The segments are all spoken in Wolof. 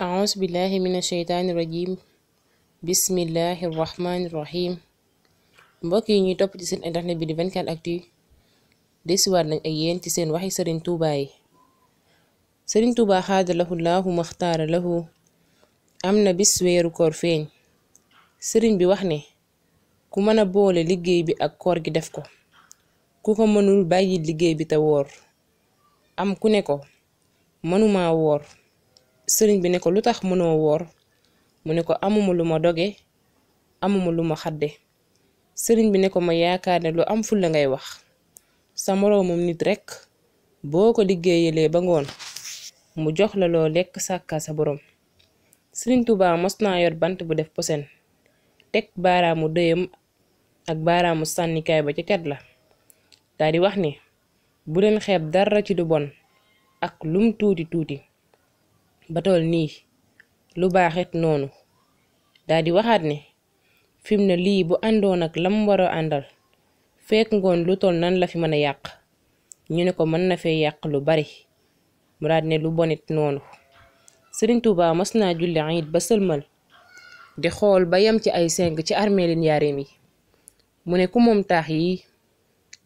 a billahi mina sheytaani rajim mbokk yi ñuy topp ci seen internet bi di 24 actu desiwaat nañ yéen ci seen waxi sëriñ tuuba sëriñ tuuba xaada lahu laahu maxtaara lahu am na bis weeru koor feeñ sëriñ bi wax ne ku mën a boole liggéey bi ak koor gi def ko ku ko mënul bàyyi liggéey bi te woor am ku ne ko mënuma woor sëriñ bi ne ko lu tax mënoo woor mu ne ko amuma lu ma doge amuma lu ma xadde sëriñ bi ne ko ma yaakaar ne lu am fulla ngay wax sa moroomum nit rekk boo ko liggéeyalee ba ngoon mu jox la loo lekk sàkkaa sa borom sëriñ Tuubaa mos naa yor bant bu def posen teg baaraamu dëyam ak baaraamu sànnikaay ba ci cat la daal di wax ni bu leen xeeb dara ci lu bon ak lum tuuti tuuti ba toll nii lu baaxit noonu daal waxaat ne fim na lii bu àndoon ak lam war a àndal fekk ngoon lu toll nan la fi mën a yàq ñu ne ko mën na fee yàq lu bari mu daal ne lu bonit noonu Sëriñ Tuubaa mas naa julli iid ba sëlmal di xool ba yam ci ay seng ci armeeli Njaaréem yi mu ne ku moom taax yi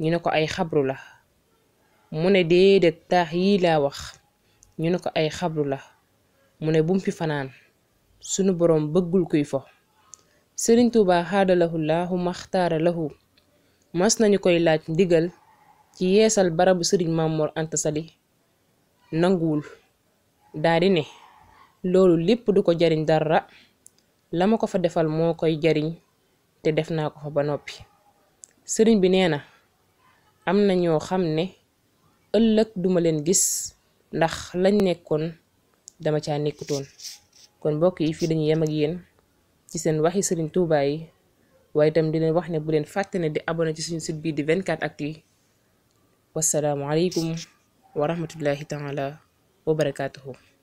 ñu ne ko ay xabru la mu ne déedéet taax yii laa wax ñu ne ko ay xabru la mu ne bum fi fanaan sunu borom bëggul kuy fo sëriñ tuuba xaadalahu laahu maxtaara lahu mas nañu koy laaj ndigal ci yeesal barabu sëriñ Mamor Anta Sali nanguwul daldi ne loolu lépp du ko jariñ dara lama ko fa defal moo koy jariñ te def naa ko fa ba noppi sëriñ bi nee na am na ñoo xam ne ëllëg duma leen gis ndax lañ nekkoon dama caa nekkutoon kon mbokk yi fii dañuy yem ak yéen ci seen waxi Serigne tuubaay waaye itam di leen wax ne bu leen fàtte ne di abonné ci suñu site bii di 24actu yi wasalaamualeykum wa rahmatullahi taala wa barakaatuhu